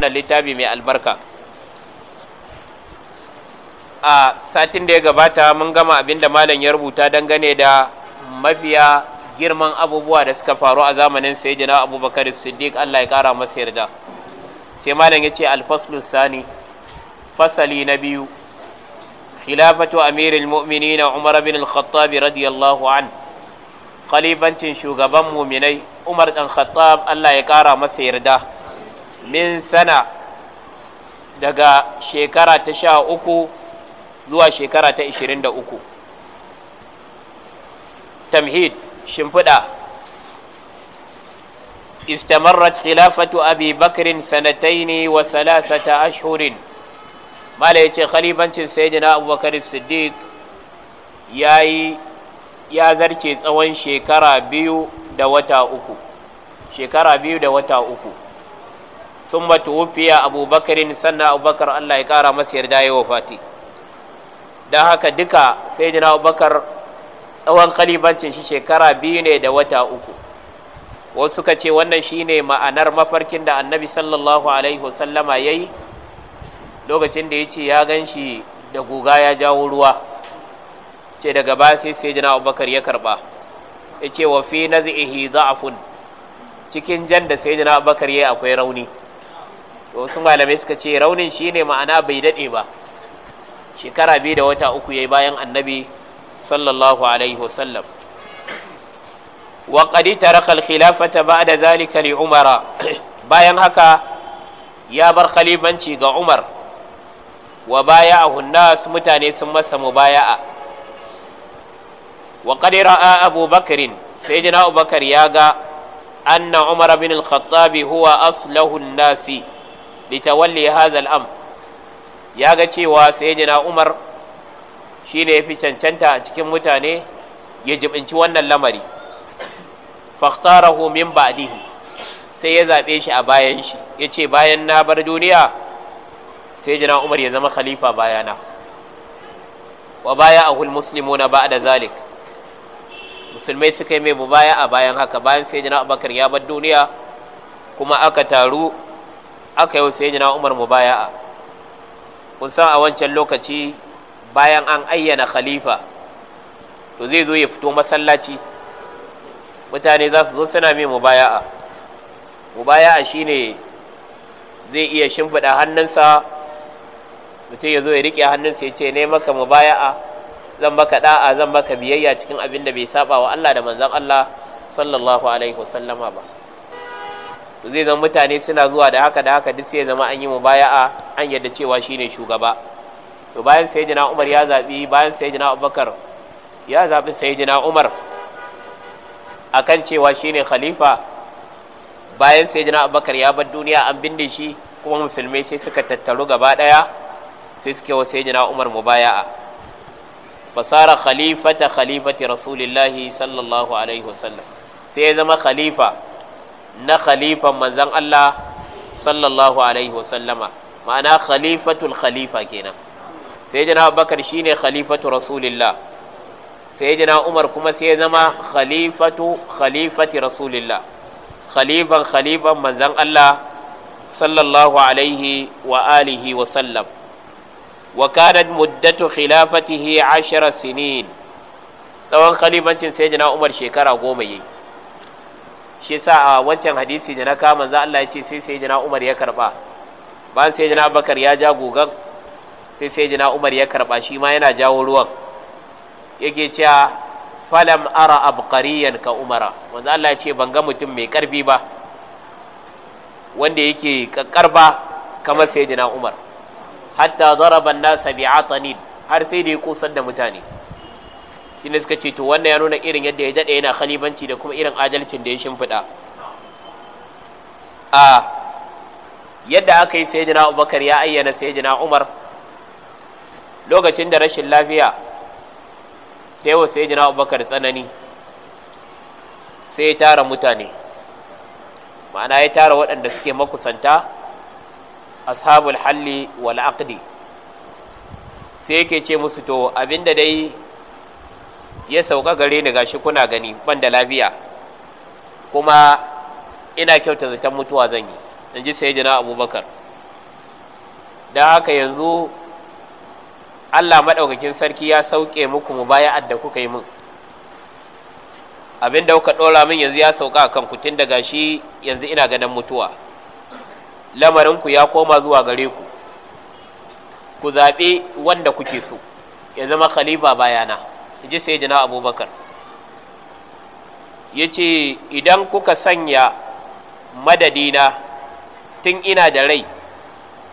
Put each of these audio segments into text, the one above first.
ta littafi mai albarka a satin da ya gabata mun gama abin da malam ya rubuta dangane da mafiya girman abubuwa da suka faru a zamanin sayyidina abubakar siddiq allah ya kara masa yarda sai malam ya ce alfaslu sani fasali na biyu khilafatu amirul na umar bin al khattabi radiyallahu anhu kalibancin shugaban muminai umar dan khattab allah ya kara masa yarda min sana daga shekara ta sha uku zuwa shekara ta ishirin da uku tamhid shimfiɗa istamarrat khilafatu abi bakrin sanataini wa salasata ashhurin mala ya ce saidina sayyidina abubakar siddiq ya yi ya zarce tsawon shekara biyu da wata uku shekara biyu da wata uku sun wufiya abubakarin sannan abubakar allah ya kara masa yarda ya wafati don haka duka sai jina abubakar tsawon kalibancin shi shekara biyu ne da wata uku wasu suka ce wannan shine ma'anar mafarkin da annabi sallallahu alaihi wasallama ya yi lokacin da ya ce ya gan shi da guga ya jawo ruwa ce daga ba sai sai abubakar ya karba ya ce wa fi nazi'ihi za'afun cikin jan da sai jina abubakar ya akwai rauni to wasu malamai suka ce raunin shine ma'ana bai daɗe ba shekara biyu da wata uku ya bayan annabi sallallahu alaihi wasallam wa qadi taraka al-khilafata da zalika li umara bayan haka ya bar khalifanci ga umar wa baya baya'ahu nas mutane sun masa mubaya'a wa qad ra'a abu bakr sayyidina abu bakr ya ga anna umar bin al-khattab huwa aslahu an litawalli hadha al-amr ya ga cewa sayyidina umar shine yafi cancanta a cikin mutane ya jibinci wannan lamari fakhtarahu min ba'dihi sai ya zabe shi a bayan shi yace bayan na bar duniya sayyidina umar ya zama khalifa bayana wa baya ahul muslimuna ba'da zalik musulmai suka yi mai mubaya a bayan haka bayan sai jina abakar ya bar duniya kuma aka taru aka yi sai jina umar mubaya a kun san a wancan lokaci bayan an ayyana khalifa to zai zo ya fito masallaci mutane za su zo suna mai mubaya'a mubaya'a shine zai iya shimfiɗa hannunsa mutum ya zo ya riƙe hannunsa ya ce ne maka mubaya'a zan baka da'a zan baka biyayya cikin abin da bai saba wa Allah da manzan Allah sallallahu alaihi wasallama ba zai zama mutane suna zuwa da haka da haka duk sai zama an yi mu baya'a, an yadda cewa shine shugaba to bayan sayyidina Umar ya zabi bayan sayyidina Abubakar ya zabi sayyidina Umar akan cewa shine khalifa bayan sayyidina Abubakar ya bar duniya an binne shi kuma musulmai sai suka tattaru gaba daya sai suke wa sayyidina Umar mubaya'a fasara khalifata khalifati rasulillahi sallallahu alaihi wasallam sai ya zama khalifa na Khalifa manzon Allah sallallahu alaihi wasallama ma'ana khalifatul khalifa kenan sai jana bakar shine khalifatu rasulillah sai jana umar kuma sai ya zama khalifatu khalifati rasulillah khalifan khalifan manzon Allah sallallahu alaihi wa alihi wa sallam وكانت مدة خلافته عشر سنين tsawon khalifancin sai jana umar shekara goma yi shi sa a wancan hadisi da na kama za Allah ya ce sai sai jana umar ya karba bayan sai jana bakar ya ja gogan sai sai jana umar ya karba shi ma yana jawo ruwan yake cewa falam ara abqariyan ka umara wanda Allah ya ce ban ga mutum mai karfi ba wanda yake karba kamar sai jana umar hatta zaraban nasa atanin har sai da ya kusar da mutane ne suka ce to wannan ya nuna irin yadda ya daɗe yana khalifanci da kuma irin adalcin da ya shimfiɗa a yadda aka yi sai jina Abubakar ya ayyana sai jina Umar lokacin da rashin lafiya ta yi wa jina Abubakar tsanani sai ya tara mutane ma'ana ya tara waɗanda suke makusanta ashabul halli wal aqdi sai yake ce musu to abinda dai ya sauka gare ni gashi kuna gani ban da lafiya kuma ina kyauta zaton mutuwa zan yi in ji sai jina abubakar da haka yanzu allah maɗaukakin sarki ya sauke muku mu baya adda kuka yi min abin da kuka ɗora min yanzu ya sauka kan kan kutin da gashi yanzu ina ganin mutuwa lamarinku ya koma zuwa gare ku ku zaɓe wanda kuke so ya zama khalifa bayana ji sai jina abubakar ya ce idan kuka sanya madadina tun ina da rai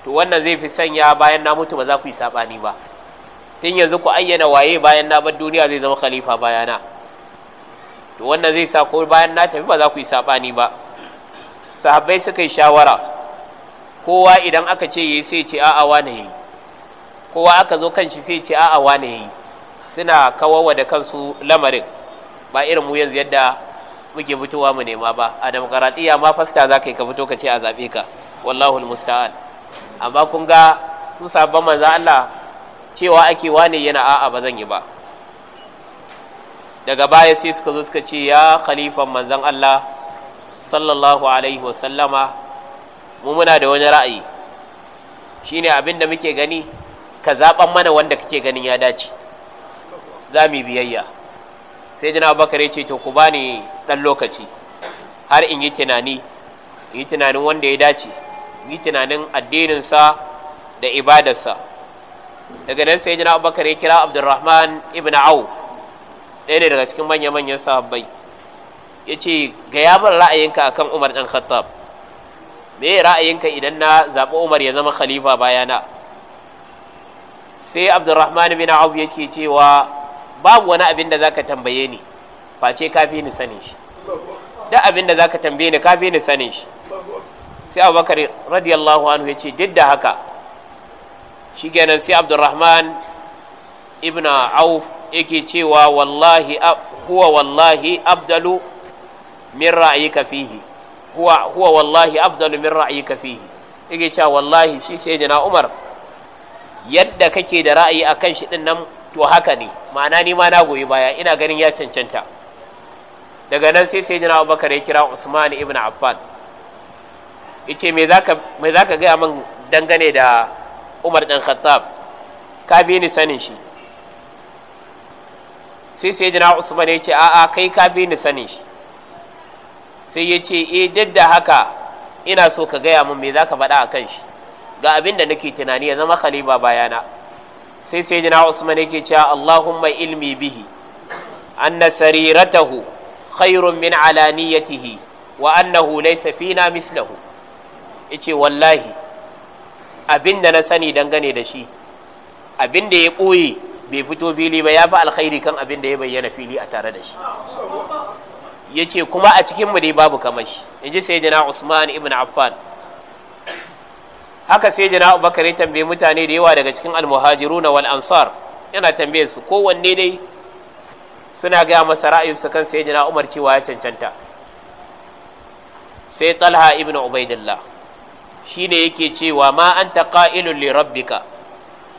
to wannan zai fi sanya bayan na mutu ba za ku yi saɓani ba tun yanzu ku ayyana waye bayan na bar duniya zai zama khalifa bayana to wannan zai sa ko bayan na tafi ba za ku yi saɓani ba sahabbai suka yi shawara kowa idan aka ce yi sai ce a'a wane yi. kowa aka zo kan shi sai ce a'a wane yi. suna kawawa da kansu lamarin ba irin mu yanzu yadda muke fitowa mu nema ba a demokaradiyya ma fasta za ka yi ka fito ka ce a zaɓe ka wallahul musta'an amma kun ga su sabon manzan Allah cewa ake wane yana a'a ba zan yi ba daga baya sai suka zo suka ce ya khalifan manzan Allah sallallahu alaihi wasallama mu muna da wani ra'ayi shine abin da muke gani ka zaban mana wanda kake ganin ya dace za mu biyayya sai jina bakar ya ce to ku bani dan lokaci har in yi tunani yi tunanin wanda ya dace yi tunanin addinin sa da ibadarsa daga nan sai jina bakar ya kira abdulrahman ibn auf ɗaya ne daga cikin manya-manyan sahabbai yace ce ga yabar ra'ayinka akan umar ɗan khattab me ra'ayinka idan na zaɓi umar ya zama khalifa bayana sai abdurrahman bin auf yake cewa babu wani abin da zaka tambaye ni face ka fi ni sanin shi duk abin da zaka tambaye ni ka fi ni sanin shi sai abubakar radiyallahu anhu ya ce duk da haka shi kenan sai abdurrahman ibn auf yake cewa wallahi huwa wallahi abdalu min ra'ayika fihi huwa huwa wallahi afdalu min ra'yika fihi yake cewa wallahi shi sai na Umar yadda kake da ra'ayi akan shi din nan to haka ne ma'ana ni ma na goyi baya ina ganin ya cancanta daga nan sai sai na Abubakar ya kira Usman ibn Affan yace me zaka me zaka ga min dangane da Umar dan Khattab ka bi ni sanin shi sai sai na Usman ya ce a'a kai ka bi ni sanin shi sai ya ce eh duk da haka ina so ka gaya min me za ka faɗa a kan shi ga abin da nake tunani ya zama khalifa bayana sai sai jina usman yake cewa allahumma ilmi bihi anna sariratahu khairun min alaniyatihi wa annahu laysa fina mislahu yace wallahi abin da na sani dangane da shi abin da ya koyi bai fito fili ba ya fi alkhairi kan abin da ya bayyana fili a tare da shi yace kuma a cikin mu dai babu kamar shi inji sayyidina Usman ibn Affan haka sayyidina Abubakar ya tambaye mutane da yawa daga cikin al na wal ansar yana tambaye su kowanne dai suna gaya masa ra'ayinsu kan sayyidina Umar cewa ya cancanta sai Talha ibn Ubaidillah shine yake cewa ma anta qa'ilun li rabbika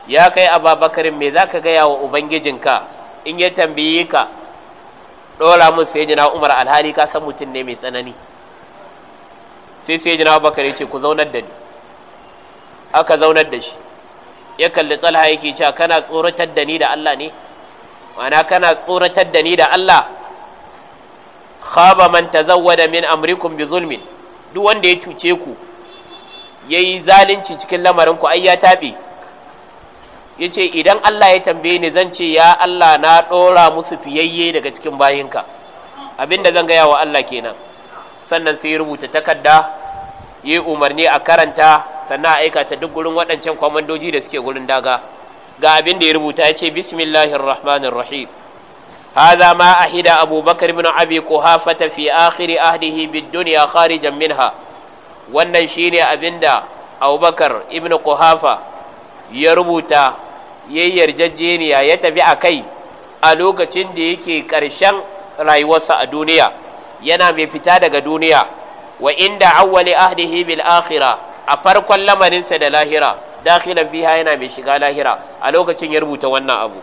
ya kai Abubakar me zaka gaya wa ubangijinka in ya tambaye ka ɗora mun sai jina umar alhali ka san mutum ne mai tsanani sai sai jina bakar ya ce ku zaunar da ni aka zaunar da shi ya kalli talha yake cewa kana tsoratar da ni da allah ne ma'ana kana tsoratar da ni da allah khaba man tazawwada min amrikum bi zulmin duk wanda ya cuce ku yayi zalunci cikin lamarin ku ai ya tabe ya ce idan Allah ya tambaye ni zan ce ya Allah na ɗora musu fiyayye daga cikin bayinka abinda zan gaya wa Allah kenan sannan sai rubuta takarda yi umarni a karanta sannan aika ta duk gurin waɗancan kwamandoji da suke gurin daga ga abin da ya rubuta ya ce bismillahir rahmanir rahim هذا ما أحد أبو بكر بن أبي قحافة في آخر أهله بالدنيا خارجا منها wannan shine abinda Abubakar ibn Kuhafa ya rubuta Yayyar yarjejeniya ya tafi a kai a lokacin da yake ƙarshen rayuwarsa a duniya yana mai fita daga duniya wa inda awwali ahdihi bil akhirah a farkon lamarinsa da lahira dakhilan biha yana mai shiga lahira a lokacin ya rubuta wannan abu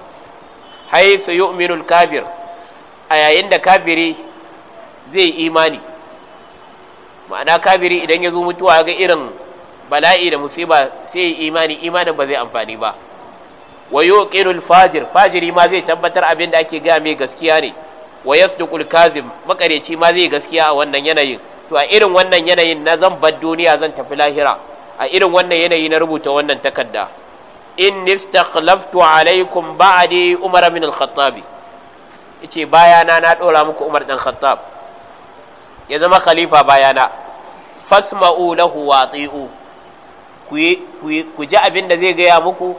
haisu yu'minul kabir a yayin da kabiri zai imani ma'ana kabiri idan ya zo mutuwa ga irin bala'i da musiba sai imani imanin ba zai amfani ba wa yuqinul fajir fajiri ma zai tabbatar abin da ake gaya mai gaskiya ne wa yasduqul kazim makareci ma zai gaskiya a wannan yanayin to a irin wannan yanayin na zan bar duniya zan tafi lahira a irin wannan yanayi na rubuta wannan takarda in nistaqlaftu alaikum ba'di umar min al-khattabi yace bayana na dora muku umar dan khattab ya zama khalifa bayana fasma'u lahu wa ati'u ku ji abin da zai gaya muku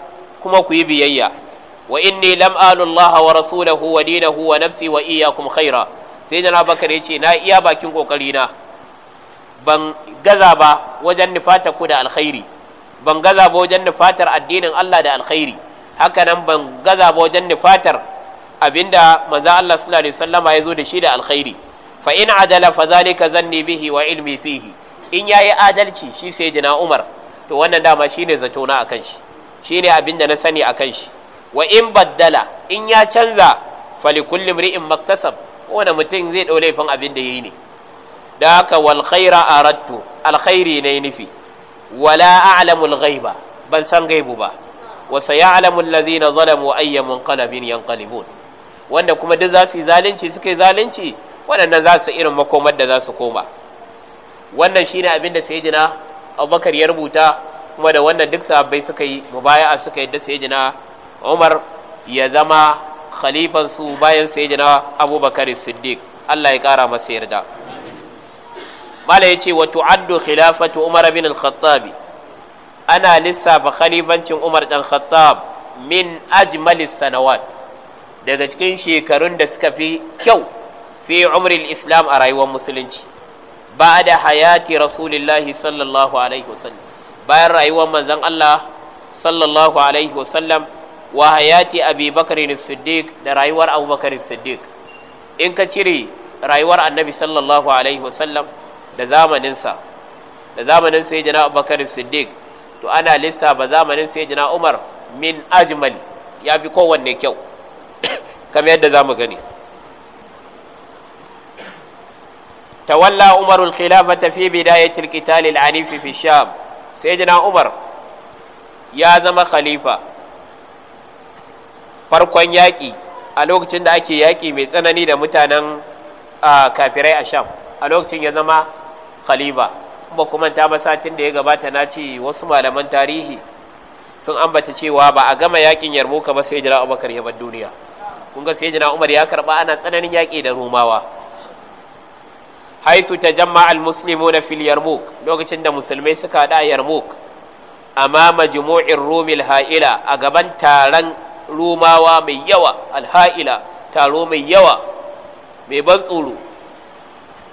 kuma ku yi biyayya wa inni lam alullaha wa rasulahu wa dinahu wa nafsi wa iyyakum khaira sai jana bakar ya ce na iya bakin kokari na ban gaza ba wajen nufata ku da alkhairi ban gaza ba wajen nufatar addinin Allah da alkhairi haka nan ban gaza ba wajen nufatar abinda manzo Allah sallallahu alaihi wasallama ya zo da shi da alkhairi fa in adala fa zalika zanni bihi wa ilmi fihi in yayi adalci shi sai jina Umar to wannan dama shine zato na akan shi shine abin da na sani kan shi wa in baddala in ya canza fali kulli mri'in maktasab wani mutum zai ɗau laifin abin da yi ne da ka wal khaira aradtu alkhairi ne nufi wala a'lamul ghaiba ban san gaibu ba wa sayalamu allazina zalamu ayya munqalabin yanqalibun wanda kuma duk za su yi zalunci suka yi zalunci waɗannan za su irin makomar da za su koma wannan shine abin da jina, Abubakar ya rubuta kuma da wannan duk sahabbai suka yi mubaya'a suka yadda sayyidina Umar ya zama khalifan su bayan sayyidina Abubakar Siddiq Allah ya kara masa yarda mala yace wa tu'addu khilafatu Umar bin al-Khattab ana lissafa khalifancin Umar dan Khattab min ajmalis sanawat daga cikin shekarun da suka fi kyau fi umril islam a rayuwar musulunci ba da hayati rasulillahi sallallahu alaihi wasallam bayan rayuwar manzon Allah sallallahu alaihi wasallam wa hayati abi bakar siddiq da rayuwar abubakar siddiq in ka cire rayuwar annabi sallallahu alaihi wasallam da zamaninsa da zamanin sai jana abubakar siddiq to ana lissafa ba zamanin sai jana umar min ajmal ya fi kowanne kyau kamar yadda za mu gani tawalla umarul khilafata fi bidayatil qitalil anif fi sham sai jina umar ya zama khalifa farkon yaƙi a lokacin da ake yaƙi mai tsanani da mutanen kafirai a sham a lokacin ya zama khalifa ba kuma ta ba satin da ya gabata na ce wasu malaman tarihi sun ambata cewa ba a gama yaƙin yarmuka ba sai jina duniya kun sai jina umar ya karɓa ana tsananin yaƙi da rumawa haisu ta jamma almuslimu na fil yarmouk lokacin da musulmai suka haɗa yarmouk amma majmu'in rumil ha'ila a gaban taron rumawa mai yawa alha'ila taro mai yawa mai ban tsoro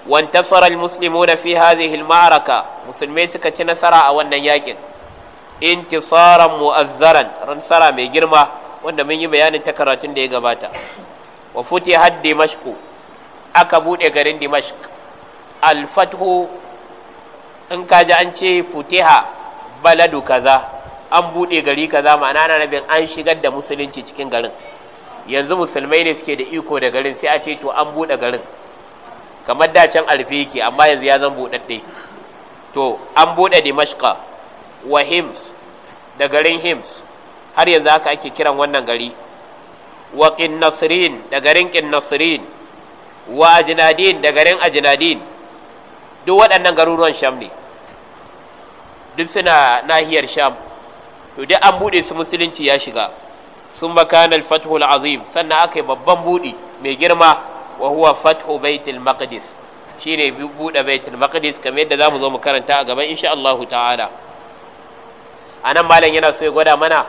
wantasara almuslimu na fi hadhihi almaraka musulmai suka ci nasara a wannan yakin intisaran mu'azzaran ransara mai girma wanda mun yi bayanin ta karatun da ya gabata wa futihat dimashq aka bude garin dimashq Al-Fathu in kaji an ce futiha baladu kaza an buɗe gari kaza ma'ana na rabin an shigar da musulunci cikin garin yanzu musulmai ne suke da iko da garin sai a ce to an buɗe garin kamar da can alfi yake amma yanzu ya zan buɗaɗɗe to an buɗe dimashqa wa hims da garin hims har yanzu haka ake kiran wannan gari wa qinnasrin da garin qinnasrin wa ajnadin da garin ajnadin duk waɗannan garuruwan sham ne duk suna nahiyar sham to duk an buɗe su musulunci ya shiga sun makanar fathul azim sannan aka yi babban buɗi mai girma wa huwa fathu baitul maqdis shine buɗe baitul maqdis kamar yadda zamu zo mu karanta a gaban insha Allah ta'ala anan malam yana so ya gwada mana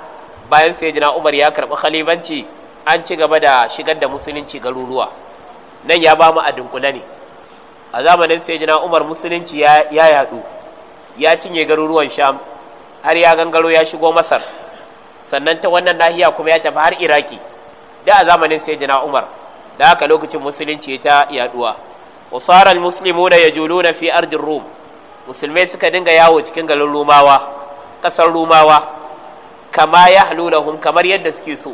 bayan sayyidina Umar ya karɓi khalifanci an ci gaba da shigar da musulunci garuruwa nan ya ba mu a ne a zamanin sai umar musulunci ya yadu ya cinye garuruwan sham har ya gangaro ya shigo masar sannan ta wannan nahiya kuma ya tafi har iraki da a zamanin sai umar da haka lokacin musulunci ta yaduwa usara almuslimuna yajuluna fi ardin rum musulmai suka dinga yawo cikin garin rumawa ƙasar rumawa kama ya halulahum kamar yadda suke so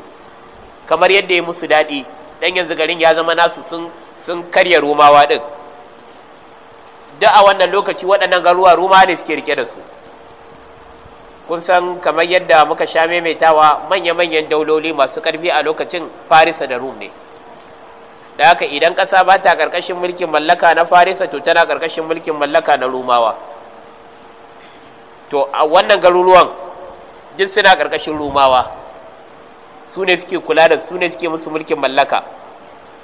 kamar yadda ya musu daɗi dan yanzu garin ya zama nasu sun karya rumawa ɗin. duk a wannan lokaci waɗannan garuwa ruma ne suke rike da su kun san kamar yadda muka sha maimaitawa manya-manyan dauloli masu ƙarfi a lokacin farisa da rum ne da haka idan ƙasa ba ta ƙarƙashin mulkin mallaka na farisa to tana ƙarƙashin mulkin mallaka na rumawa to a wannan garuruwan duk suna ƙarƙashin rumawa su ne suke kula da su ne suke musu mulkin mallaka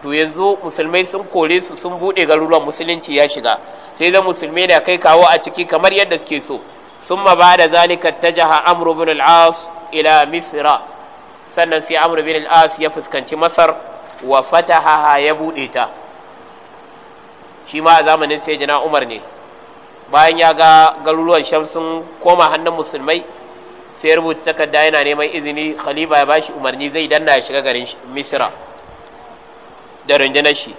to yanzu musulmai sun kore su sun buɗe garuruwan musulunci ya shiga sai da musulmai na kai kawo a ciki kamar yadda suke so sun ma ba da zalika ta jaha amru bin al'as ila misra sannan sai amru bin al'as ya fuskanci masar wa fataha ya buɗe ta shi ma a zamanin sai jina umar ne bayan ya ga garuruwan sham sun koma hannun musulmai sai rubuta takarda yana neman izini khalifa ya bashi umarni zai danna ya shiga garin misra da rundunar shi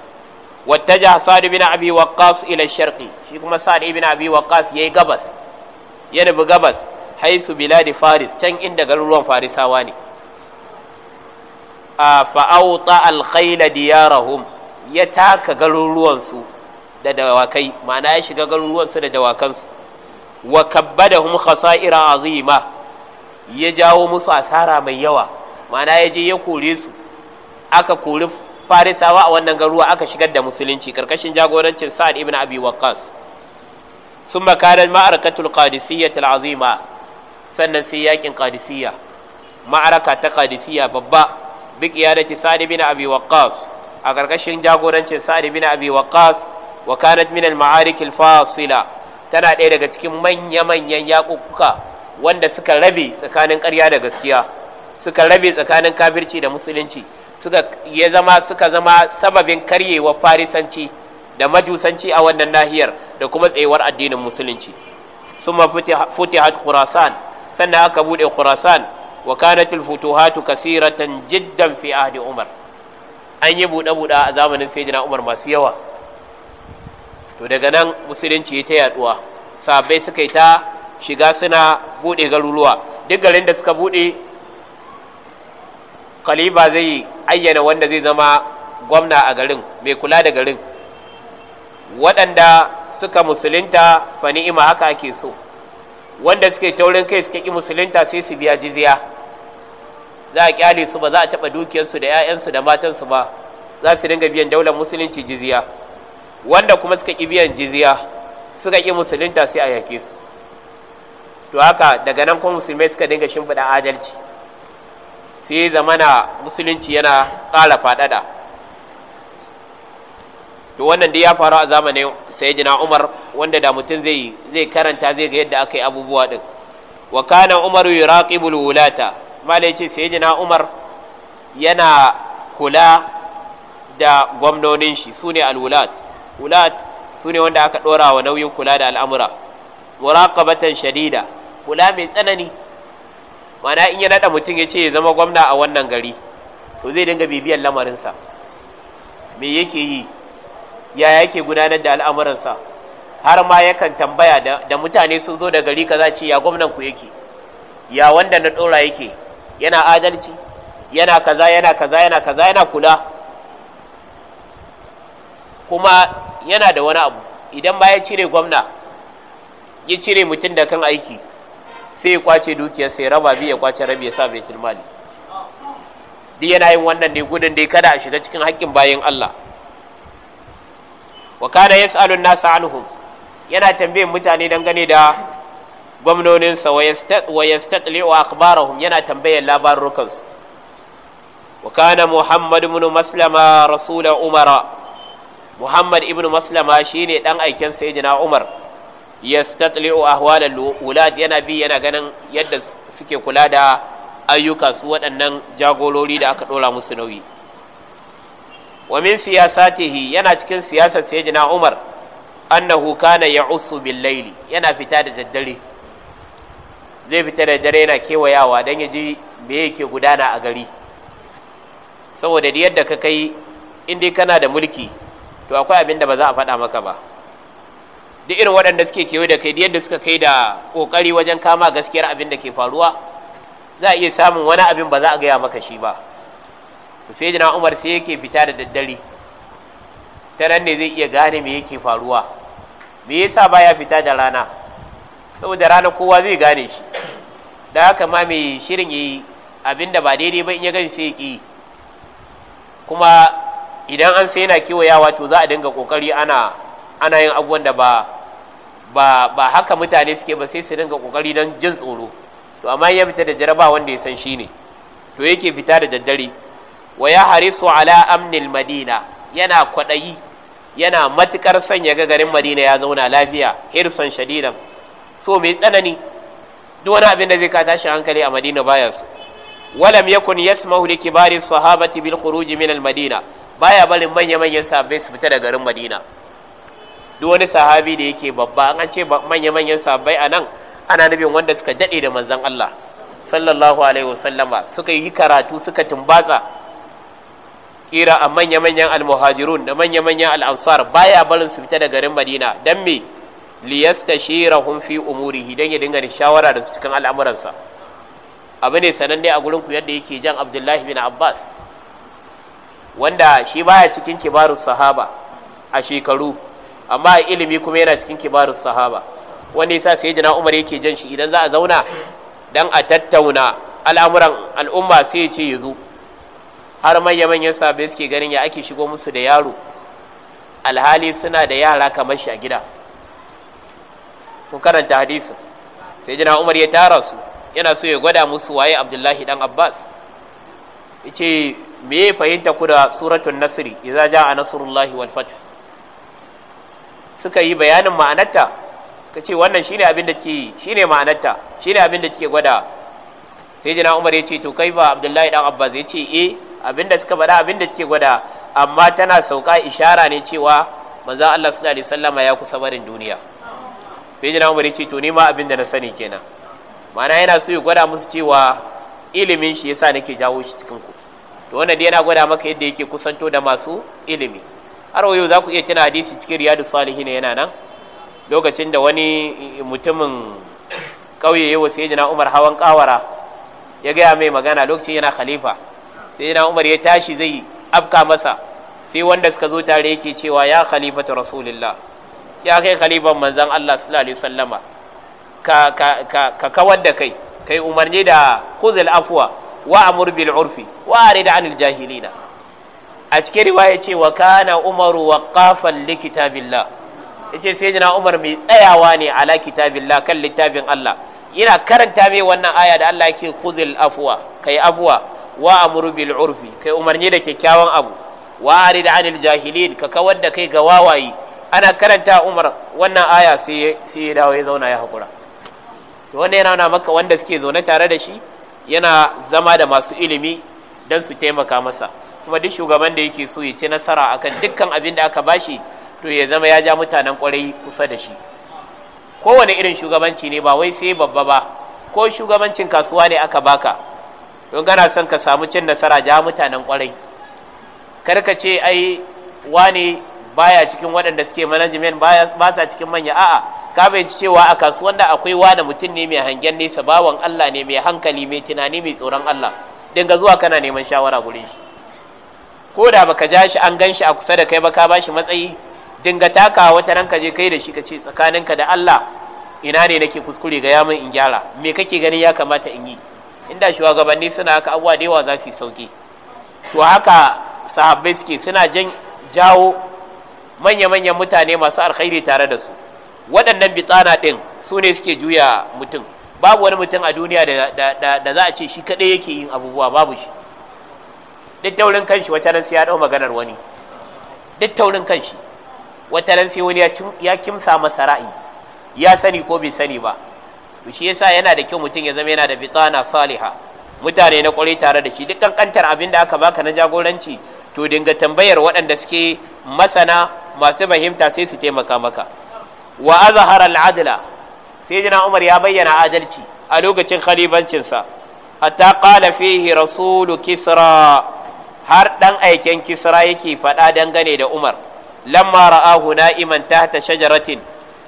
wattaja sa'ad ibn abi waqqas ila sharqi shi kuma sa'ad Bin abi waqqas yayi gabas ya nufi gabas haisu biladi faris can inda garuruwan farisawa ne a fa'auta alkhaila diyarahum ya taka garuruwansu da dawakai ma'ana ya shiga garuruwansu da dawakansu wa kabbadahum khasa'ira azima ya jawo musu asara mai yawa ma'ana ya je ya kore su aka kori farisawa a wannan garuwa aka shigar da musulunci karkashin jagorancin sa'ad ibn abi waqqas sun makaran ma'arakatul qadisiyya azima sannan sai yakin qadisiyya ma'araka ta qadisiyya babba bi qiyadati sa'ad ibn abi waqqas a karkashin jagorancin sa'ad ibn abi waqqas wa kanat min al-ma'arik al-fasila tana ɗaya daga cikin manya-manyan yakukuka wanda suka rabe tsakanin ƙarya da gaskiya suka rabe tsakanin kafirci da musulunci suka ya zama suka zama sababin karyewa farisanci da majusanci a wannan nahiyar da kuma tsayuwar addinin musulunci summa futihat khurasan sannan aka bude khurasan wa kanat futuhatu kaseeratan jiddan fi ahdi umar an yi bude bude a zamanin sayyidina umar masu yawa to daga nan musulunci ya ta yaduwa sahabbai suka yi ta shiga suna bude garuruwa duk garin da suka bude khalifa zai ayyana wanda zai zama gwamna a garin mai kula da garin waɗanda suka musulunta fa ni'ima haka ake so wanda suke taurin kai suke ki musulunta sai su biya jizya za a kyale su ba za a taɓa dukiyarsu da 'ya'yansu da matansu ba za su dinga biyan daular musulunci jizya wanda kuma suka ƙi biyan jizya suka ƙi musulunta sai a yake su to haka daga nan kuma musulmai suka dinga shimfiɗa adalci sai zamana musulunci yana ƙara faɗaɗa to wannan dai ya faru a zamanin sayyidina Umar wanda da mutum zai zai karanta zai ga yadda aka yi abubuwa ɗin. wa kana Umar yuraqibul wulata malai ce sayyidina Umar yana kula da gwamnonin shi sune alwulat wulat sune wanda aka dora wa nauyin kula da al'amura muraqabatan shadida kula mai tsanani mana in ya naɗa mutum ya ce ya zama gwamna a wannan gari to zai dinga bibiyar lamarinsa me yake yi ya yake gudanar da al'amuransa har ma yakan tambaya da mutane sun zo da gari kaza ce ya gwamnan ku yake ya wanda na ɗora yake yana adalci yana kaza yana kaza yana kaza yana kula kuma yana da wani abu idan ba ya cire gwamna ya cire mutum da kan aiki sai ya kwace dukiyar sai raba biyu ya kwace rabi ya sa baitul mali duk yana yin wannan ne gudun dai kada a shiga cikin haƙƙin bayan Allah wa kana yas'alu an-nasa anhum yana tambayin mutane dangane da gwamnoninsa wa yastatli'u akhbarahum yana tambayar labarukansu wa kana muhammad ibn maslama rasul umara muhammad ibn maslama shine dan aiken sayyidina umar yastatli'u ahwalal wulad yana bi yana ganin yadda suke kula da ayyuka su waɗannan jagorori da aka ɗora musu nauyi wa min siyasatihi yana cikin siyasar sayyidina Umar annahu kana ya'usu bil laili yana fita da daddare zai fita da dare yana kewayawa don ya ji me yake gudana a gari saboda yadda ka kai in dai kana da mulki to akwai abin da ba za a faɗa maka ba da irin waɗanda suke kewa da kai da yadda suka kai da ƙoƙari wajen kama gaskiyar abin da ke faruwa za a iya samun wani abin ba za a gaya maka shi ba sai jina umar sai yake fita da daddare ta nan ne zai iya gane me yake faruwa me yasa ya fita da rana saboda rana kowa zai gane shi da haka ma mai shirin yi abin da ba daidai ba in ya gani sai ki kuma idan an sai yana kewayawa to za a dinga kokari ana ana yin abubuwan da ba ba ba haka mutane suke ba sai su dinga kokari don jin tsoro to amma ya fita da jaraba wanda ya san shi ne to yake fita da daddare wa ya harisu ala amnil madina yana kwaɗayi yana matukar son ya ga garin madina ya zauna lafiya hirsan shadidan so mai tsanani duk wani abin da zai ka tashi hankali a madina baya su walam yakun yasmahu li kibari sahabati bil khuruj min al madina baya barin manya manyan sahabbai su fita da garin madina duk wani sahabi da yake babba an ce manya-manyan sahabbai a nan ana nufin wanda suka daɗe da manzan Allah sallallahu alaihi wasallama suka yi karatu suka tumbatsa kira a manya-manyan almuhajirun da manya-manyan al'ansar baya barin su fita da garin madina don me liyasta shirahun fi umurihi don ya dinga shawara da su cikin al'amuransa abu ne sananne a gurin ku yadda yake jan abdullahi bin abbas wanda shi baya cikin kibarun sahaba a shekaru amma a ilimi kuma yana cikin kibarun sahaba wanda yasa sai jina umar yake jan shi idan za a zauna dan a tattauna al'amuran al'umma sai ya ce ya zo har manya manyan sabai suke ganin ya ake shigo musu da yaro alhali suna da yara kamar shi a gida kun karanta hadisin sai jina umar ya tara su yana so ya gwada musu waye abdullahi dan abbas yace ce me fahimta ku da suratun nasiri idza jaa nasrullahi wal fath suka yi bayanin ma'anarta suka ce wannan shine abin da ke shine ma'anarta shine abin da ke gwada sai jina umar ya ce to kai ba abdullahi dan abbas ya ce eh abin da suka faɗa abin da ke gwada amma tana sauka ishara ne cewa manzo Allah sallallahu alaihi wasallama ya kusa barin duniya sai jina umar ya ce to ni ma abin da na sani kenan ma'ana yana so ya gwada musu cewa ilimin shi yasa nake jawo shi cikin ku to wannan dai yana gwada maka yadda yake kusanto da masu ilimi har yau za ku iya tuna hadisi cikin riyadu ne yana nan lokacin da wani mutumin ƙauye ya wasu yana umar hawan kawara ya gaya mai magana lokacin yana khalifa sai yana umar ya tashi zai afka masa sai wanda suka zo tare yake cewa ya Khalifa ta rasulullah ya kai khalifan manzan Allah sallallahu alaihi wasallama ka kawar da kai kai umarni da khudhul afwa wa amur bil urfi wa arid anil jahilina a cikin riwaya ce wa kana umaru wa kafan likitabillah ya ce sai jina umar mai tsayawa ne ala kitabillah kan littafin Allah yana karanta mai wannan aya da Allah yake kuzil afuwa kai afuwa wa amuru bil urfi kai umarni da kyakkyawan abu wa arid anil jahilin ka kawar da kai ga wawayi ana karanta umar wannan aya sai ya dawo ya zauna ya hakura wanda yana maka wanda suke zaune tare da shi yana zama da masu ilimi don su taimaka masa kuma duk shugaban da yake so ya ci nasara akan dukkan abin da aka bashi to ya zama ya ja mutanen kwarai kusa da shi kowane irin shugabanci ne ba wai sai babba ba ko shugabancin kasuwa ne aka baka don kana son ka samu cin nasara ja mutanen kwarai kar ka ce ai wane baya cikin waɗanda suke management ba sa cikin manya a'a ka ci cewa a kasuwan da akwai wane mutum ne mai hangen nesa bawan Allah ne mai hankali mai tunani mai tsoron Allah dinga zuwa kana neman shawara gurin shi ko da baka ja shi an gan shi a kusa da kai ba ka ba shi matsayi dinga taka wata ranka je kai da shi ka ce tsakaninka da Allah ina ne nake kuskure ga yamin in gyara me kake ganin ya kamata in yi inda shugabanni suna haka abuwa da yawa za su yi sauki to haka sahabbai suke suna jan jawo manya-manyan mutane masu alkhairi tare da su waɗannan bitsana ɗin su ne suke juya mutum babu wani mutum a duniya da za a ce shi kaɗai yake yin abubuwa babu shi duk taurin kanshi wata ran ya dau maganar wani duk taurin kanshi wata ran sai wani ya kimsa masa ra'ayi ya sani ko bai sani ba to shi yasa yana da kyau mutum ya zama yana da fitana saliha mutane na kwarai tare da shi duk kankantar abin da aka baka na jagoranci to dinga tambayar waɗanda suke masana masu fahimta sai su taimaka maka wa azhara al-adla sai jina Umar ya bayyana adalci a lokacin khalifancinsa hatta qala fihi rasulu kisra har ɗan aiken kisra yake faɗa dangane da umar lamma ra'ahu na'iman tahta shajaratin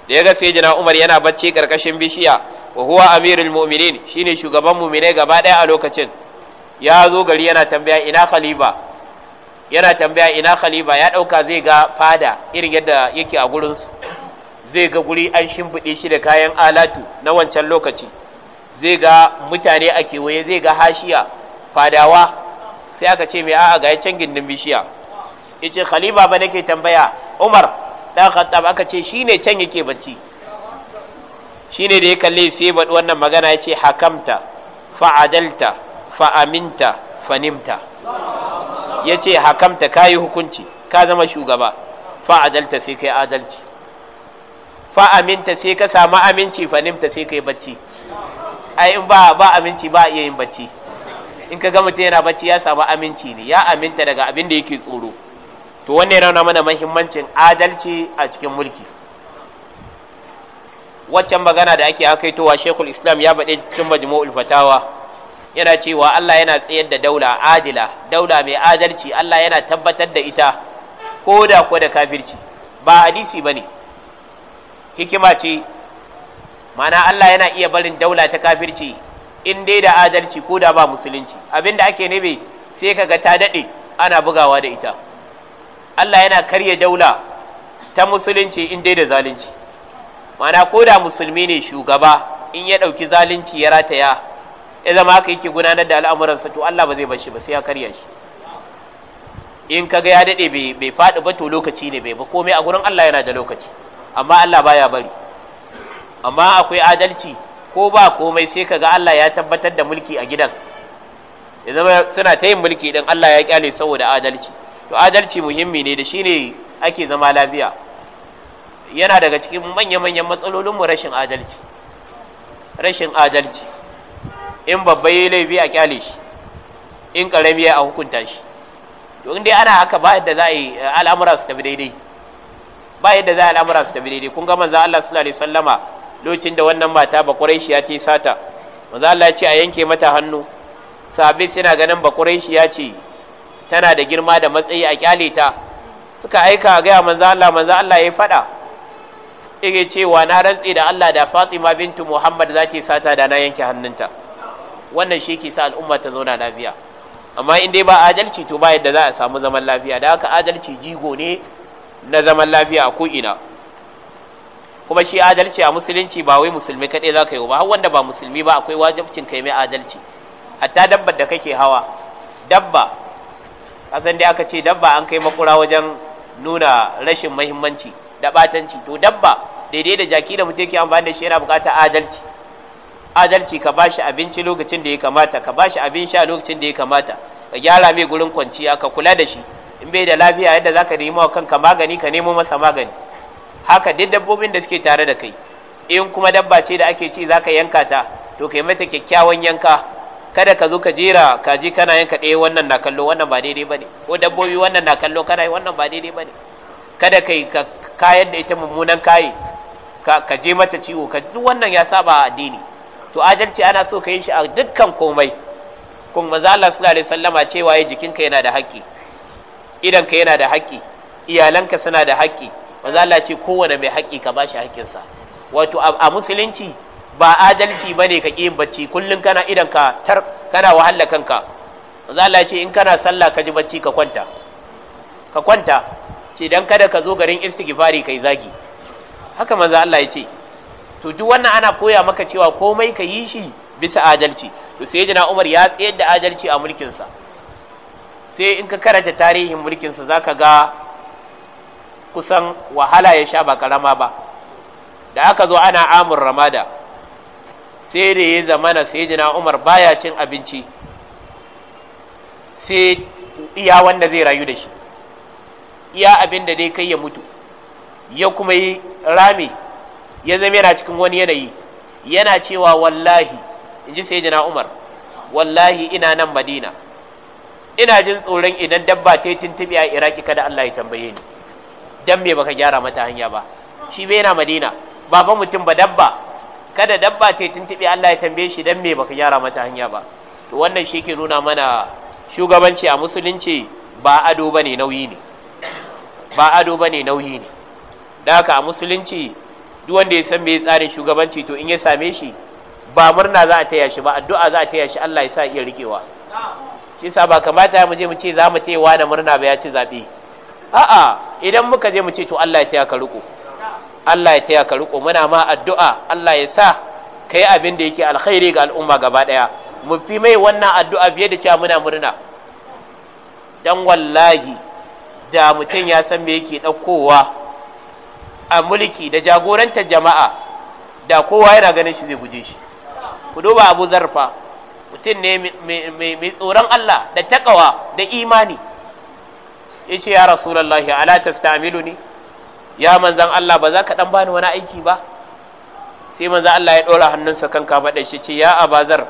da ya ga jina umar yana bacci karkashin bishiya wa huwa amirul mu'minin shine shugaban mu'minai gaba daya a lokacin ya zo gari yana tambaya ina khalifa yana tambaya ina khalifa ya ɗauka zai ga fada irin yadda yake a gurin su zai ga guri an shimfiɗe shi da kayan alatu na wancan lokaci zai ga mutane a kewaye zai ga hashiya fadawa sai aka ce mai a'a ga can gindin bishiya Ya ce khalifa ba nake tambaya umar dan khattab aka ce shine can yake bacci ne da ya kalli sai baɗi wannan magana Ya ce hakamta fa'adalta fa'aminta fanimta yace hakamta ka yi hukunci ka zama shugaba fa'adalta sai kai adalci fa'aminta sai ka samu aminci fanimta sai kai bacci ai in ba ba aminci ba iya yin bacci in ka ga mutum yana bacci ya samu aminci ne ya aminta daga abin da yake tsoro to wannan yana nuna mana mahimmancin adalci a cikin mulki waccan magana da ake akaitowa shekul islam ya baɗe cikin majmu'ul fatawa yana cewa allah yana tsayar da daula adila daula mai adalci allah yana tabbatar da ita ko da ko da kafirci ba hadisi ba ne hikima ce ma'ana allah yana iya barin daula ta kafirci in dai da adalci ko da ba musulunci abinda ake nabe sai kaga ta daɗe ana bugawa da ita Allah yana karya daula ta musulunci in dai da zalunci mana ko da musulmi ne shugaba in ya ɗauki zalunci ya rataya ya zama haka yake gudanar da al'amuransa to Allah ba zai bar shi ba sai ya karya shi in kaga ya dade bai faɗi ba to lokaci ne bai ba komai a gurin Allah yana da lokaci amma Allah baya bari amma akwai adalci ko ba komai sai kaga Allah ya tabbatar da mulki a gidan ya zama suna ta yin mulki din Allah ya kyale saboda adalci to adalci muhimmi ne da shine ake zama lafiya yana daga cikin manya-manyan matsalolin mu rashin adalci rashin adalci in babba yayi laifi a kyale shi in karami ya a hukunta shi to in dai ana haka ba yadda za a yi al'amura su tafi daidai ba yadda za a al'amura su tafi daidai kun ga manzo Allah sallallahu alaihi wasallama lokacin da wannan mata bakuraishiya ce sata Maza Allah ya ce a yanke mata hannu Sabis suna ganin bakuraishiya ce tana da girma da matsayi a kyale ta suka aika gaya manzo Allah manzo Allah ya faɗa. yake cewa na rantse da Allah da Fatima bintu Muhammad za ta sata da na yanke hannunta wannan shi ke sa al'umma ta zauna lafiya amma in dai ba adalci to ba yadda za a samu zaman lafiya da haka adalci jigo ne na zaman lafiya a ko'ina kuma shi adalci a musulunci ba wai musulmi kaɗai za ka yi ba har wanda ba musulmi ba akwai wajibcin kai mai adalci hatta dabbar da kake hawa dabba kasan dai aka ce dabba an kai makura wajen nuna rashin mahimmanci da batanci to dabba daidai da jaki da mutum ke amfani da shi yana buƙatar adalci adalci ka ba shi abinci lokacin da ya kamata ka bashi abin sha lokacin da ya kamata ka gyara mai gurin kwanciya ka kula da shi in bai da lafiya yadda zaka nemo kanka magani ka nemo masa magani haka duk dabbobin da suke tare da kai in kuma dabba ce da ake ci zaka yanka ta to kai mata kyakkyawan yanka kada ka zo ka jera kaji kana yanka ɗaya eh, wannan na kallo wannan ba daidai bane ko dabbobi wannan na kallo kana wannan ba daidai bane kada kai ka kayar da ita mummunan kayi ka je mata ciwo ka duk wannan ya saba addini to adalci ana so ka yi shi a dukkan komai kun maza Allah sallallahu alaihi wasallama cewa ya jikinka yana da haƙƙi ka yana da haƙƙi iyalanka suna da haƙƙi manzo Allah ce kowane mai haƙƙi ka bashi haƙƙinsa wato a musulunci ba adalci bane ka ƙi bacci kullum kana idan ka tar kana wahala kanka manzo Allah ce in kana sallah ka ji bacci ka kwanta ka kwanta ce dan kada ka zo garin istighfari kai zagi haka manzo Allah ya ce to duk wannan ana koya maka cewa komai ka yi shi bisa adalci to sai jina Umar ya tsayar da adalci a mulkinsa sai in ka karanta tarihin mulkinsa za ka ga kusan wahala ya sha ba karama ba da aka zo ana amur ramada sai da ya zamana sayyidina umar baya cin abinci sai iya wanda zai rayu da shi iya abin da dai kai ya mutu ya kuma yi rami ya zama yana cikin wani yanayi yana cewa wallahi in ji sai umar wallahi ina nan madina ina jin tsoron idan dabba ta yi tuntuɓe a iraki kada allah ya tambaye ni dan me baka gyara mata hanya ba shi bai yana madina baba mutum ba dabba kada dabba ta tuntuɓe Allah ya tambaye shi dan me baka gyara mata hanya ba to wannan shi ke nuna mana shugabanci a musulunci ba ado bane nauyi ne ba ado bane nauyi ne da haka a musulunci duk wanda ya san me tsarin shugabanci to in ya same shi ba murna za a taya shi ba addu'a za a taya shi Allah ya sa iya rikewa shi sa ba kamata mu je mu ce za mu taya na murna ba ya ci zaɓe a'a idan muka je mu ce to Allah ya taya ka riko Allah ya taya ka riko muna ma addu'a Allah ya sa kai abin da yake alkhairi ga al'umma gaba daya mu fi mai wannan addu'a biye da cewa muna murna dan wallahi da mutum ya san me yake daukowa a mulki da jagorantar jama'a da kowa yana ganin shi zai guje shi ku duba abu zarfa mutum ne mai tsoron Allah da takawa da imani ya ce ya rasulallahi ala tastamilu ne ya manzan Allah ba za ka dan bani wani aiki ba sai manzan Allah ya ɗora hannunsa kan kanka shi ce ya abazar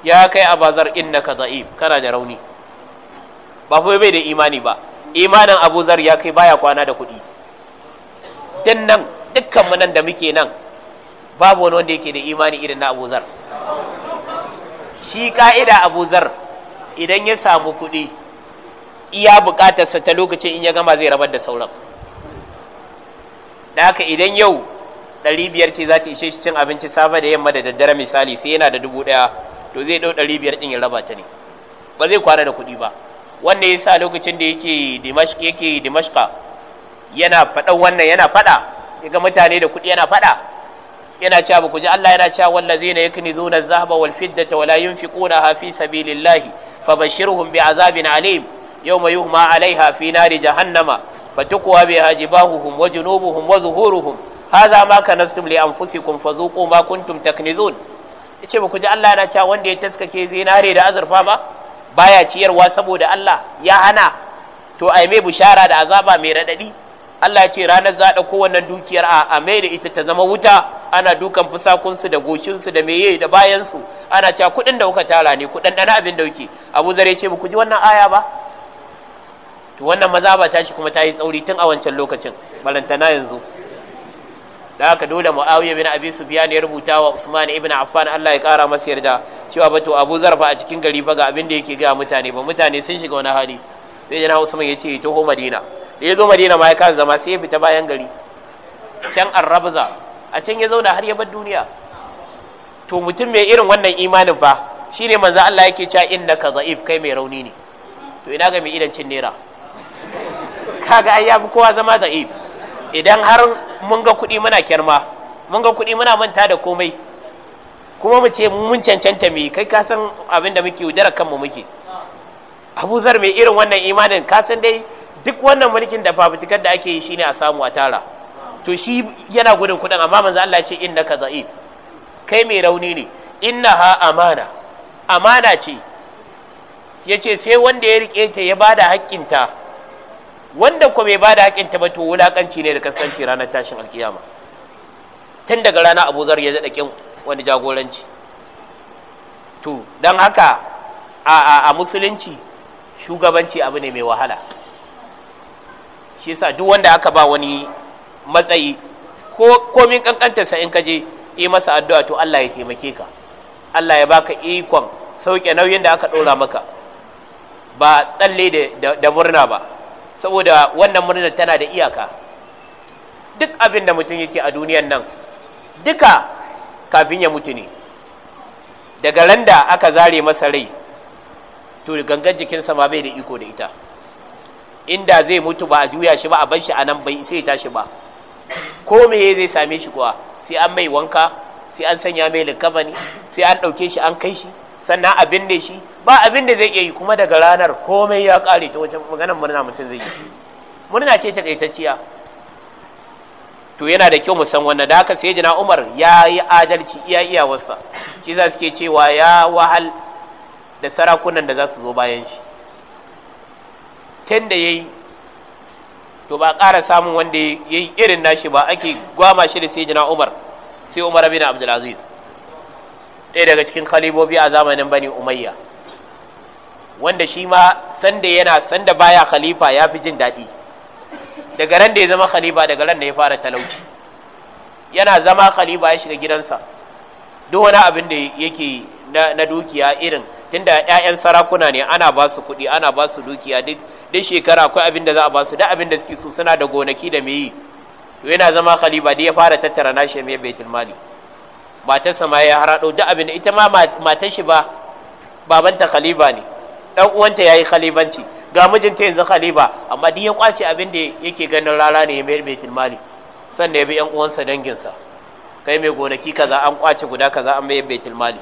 ya kai abazar innaka za'ib kana da rauni ba fa bai da imani ba imanin Abu ya kai baya kwana da kuɗi din nan dukkan mu nan da muke nan babu wani wanda yake da imani irin na Abu shi ka'ida abuzar idan ya samu kuɗi iya bukatarsa ta lokacin in ya gama zai rabar da sauran da haka idan yau ɗari biyar ce za ta ishe shi cin abinci safa da yamma da daddare misali sai yana da dubu ɗaya to zai ɗau ɗari biyar ɗin ya raba ta ne ba zai kwana da kuɗi ba wanda ya sa lokacin da yake yake dimashka yana faɗa wannan yana faɗa ya ga mutane da kuɗi yana faɗa yana cewa ba ku ji Allah yana cewa wallazina yaknizuna zuna zahaba wal fiddata wa la yunfiquna fi sabilillahi bi azabin alim yawma yuhma alai fi da jahannama fatukwa biha jibahuhum wa junubuhum wa zuhuruhum hadha ma kanastum li anfusikum fadhuqu ma kuntum taknizun yace ba ku ji Allah na cewa wanda ya taskake zinare da azurfa ba baya ciyarwa saboda Allah ya hana to ai mai bushara da azaba mai radadi Allah ce ranar zaɗa kowannan dukiyar a mai da ita ta zama wuta ana dukan fusakunsu da goshinsu da meye da bayansu ana cewa kuɗin da kuka tara ne kuɗin ɗana abin dauke. kuke Abu Zare ce ku ji wannan aya ba to wannan ba ta shi kuma ta yi tsauri tun a wancan lokacin balantana yanzu da haka dole muawiya bin abi sufyan ya rubuta wa usman ibn affan Allah ya kara masa yarda cewa ba to abu zarfa a cikin gari fa ga abin da yake ga mutane ba mutane sun shiga wani hali sai jana usman ya ce toho madina da ya zo madina ma ya kan zama sai ya fita bayan gari can arrabza a can ya zauna har ya bar duniya to mutum mai irin wannan imanin fa shine manzo Allah yake cewa innaka za'if kai mai rauni ne to ina ga mai idan cin nera kaga ai yafi kowa zama da'if idan har mun ga kuɗi muna kyarma mun ga kuɗi muna manta da komai kuma mu ce mun cancanta me, kai ka san abin da muke yaudarar kanmu muke abu zar mai irin wannan imanin ka san dai duk wannan mulkin da fafutukar da ake yi shine a samu a tara to shi yana gudun kuɗin amma manzo Allah ce innaka za'if kai mai rauni ne innaha amana amana ce yace sai wanda ya rike ta ya bada haƙƙinta ta wanda ko bai bada haƙin ta ba to wulakanci ne da kaskanci ranar tashin alkiyama tun daga rana Abu Zar ya zaɗa kin wani jagoranci to don haka a, a, musulunci shugabanci abu ne mai wahala shi yasa duk wanda aka ba wani matsayi ko komin sa in ka je yi masa addu'a to Allah ya taimake ka Allah ya baka ikon sauke nauyin da aka ɗora maka ba tsalle da murna ba saboda wannan murnar tana da iyaka duk abin da mutum yake a duniyan nan duka kafin ya mutu ne daga ran aka zare masa rai to gangan jikinsa ma bai da iko da ita inda zai mutu ba a juya shi ba a bar shi a nan bai sai tashi ba ko meye zai same shi kuwa sai an mai wanka sai an sanya mai likabani sai an ɗauke shi an kai shi sannan abin da shi ba abin da zai iya yi kuma daga ranar komai ya kare ta wajen maganar murna mutum zai yi murna ce takaitacciya to yana da kyau musan san wannan da haka sai umar ya yi adalci iya iya wasa, shi za su ke cewa ya wahal da sarakunan da za su zo bayan shi tun yayi ya yi to ba ƙara samun wanda ya yi irin nashi ba ake gwama shi da sai umar sai umar bin abdulaziz ɗaya daga cikin khalibobi a zamanin bani umayya wanda shi ma sanda yana sanda baya khalifa ya fi jin daɗi daga ran da ya zama khalifa daga ran da ya fara talauci yana zama khalifa ya shiga gidansa duk wani abin da yake na dukiya irin tunda ƴaƴan sarakuna ne ana ba su kuɗi ana ba su dukiya duk duk shekara akwai abin da za a ba su duk abin da suke so suna da gonaki da meyi to yana zama khalifa da ya fara tattara nashi mai baitul mali matarsa ma ya haraɗo. duk abin da ita ma matan shi ba babanta khaliba ne dan uwanta yayi khalibanci ga mijinta yanzu khaliba amma duk ya kwace abin da yake ganin rara ne ya mayar baitul mali sannan ya bi yan uwansa danginsa kai mai gonaki kaza an kwace guda kaza an mai baitul mali